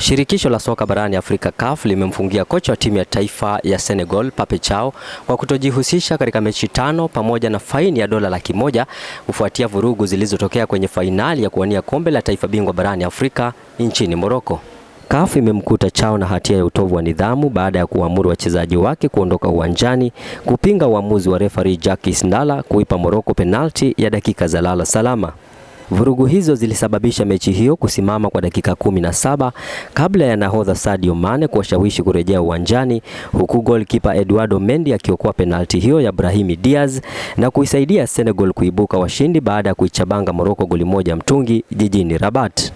Shirikisho la soka barani Afrika CAF limemfungia kocha wa timu ya taifa ya Senegal Pape chao kwa kutojihusisha katika mechi tano pamoja na faini ya dola laki moja kufuatia vurugu zilizotokea kwenye fainali ya kuwania kombe la taifa bingwa barani Afrika nchini Morocco. CAF imemkuta chao na hatia ya utovu wa nidhamu baada ya kuamuru wachezaji wake kuondoka uwanjani kupinga uamuzi wa referee Jacques Ndala kuipa Morocco penalti ya dakika za lala salama. Vurugu hizo zilisababisha mechi hiyo kusimama kwa dakika kumi na saba kabla ya nahodha Sadio Mane kuwashawishi kurejea uwanjani huku goalkeeper Eduardo Mendy akiokoa penalti hiyo ya Brahimi Diaz na kuisaidia Senegal kuibuka washindi baada ya kuichabanga Morocco goli moja mtungi jijini Rabat.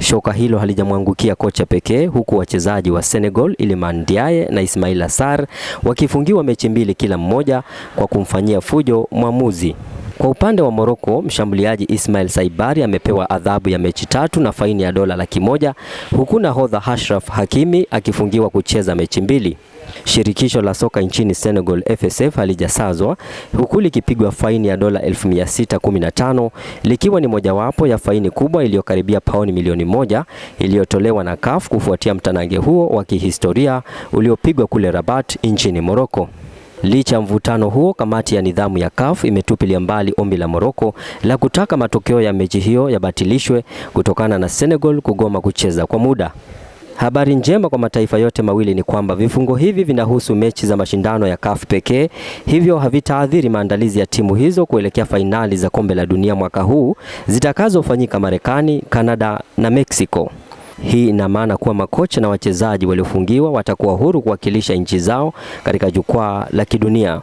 Shoka hilo halijamwangukia kocha pekee huku wachezaji wa Senegal Iliman Ndiaye na Ismaila Sarr wakifungiwa mechi mbili kila mmoja kwa kumfanyia fujo mwamuzi. Kwa upande wa Morocco, mshambuliaji Ismail Saibari amepewa adhabu ya mechi tatu na faini ya dola laki moja huku nahodha Ashraf Hakimi akifungiwa kucheza mechi mbili. Shirikisho la soka nchini Senegal FSF halijasazwa huku likipigwa faini ya dola 1615 likiwa ni mojawapo ya faini kubwa iliyokaribia paoni milioni moja iliyotolewa na CAF kufuatia mtanange huo wa kihistoria uliopigwa kule Rabat nchini Morocco. Licha ya mvutano huo, kamati ya nidhamu ya CAF imetupilia mbali ombi la Morocco la kutaka matokeo ya mechi hiyo yabatilishwe kutokana na Senegal kugoma kucheza kwa muda. Habari njema kwa mataifa yote mawili ni kwamba vifungo hivi vinahusu mechi za mashindano ya CAF pekee, hivyo havitaathiri maandalizi ya timu hizo kuelekea fainali za kombe la dunia mwaka huu zitakazofanyika Marekani, Kanada na Meksiko. Hii ina maana kuwa makocha na wachezaji waliofungiwa watakuwa huru kuwakilisha nchi zao katika jukwaa la kidunia.